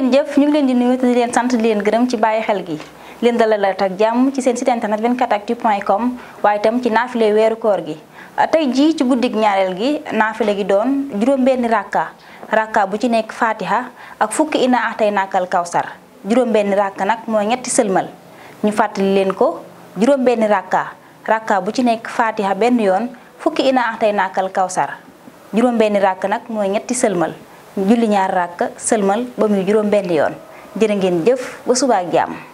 leen jëf ñu ngi leen di nuyu leen sant leen gërëm ci bàyyi xel gi leen dalal ak jàmm ci seen site internet 24actu point com waaye tam ci naafile weeru koor gi tey jii ci guddig ñaareel gi naafile gi doon juróom-benni ràkka rakka bu ci nekk fatiha ak fukki ina ah tey kawsar juróom-benni rakka nag mooy ñetti sëlmal ñu fàttali leen ko juróom-benni rakka bu ci nekk fatiha benn yoon fukki ina ah tey nakal kawsar juróom-benni rakka nag mooy ñetti sëlmal julli ñaar ràkk sëlmal ba muy juróom benn yoon jërë ngeen jëf ba suba ak jàmm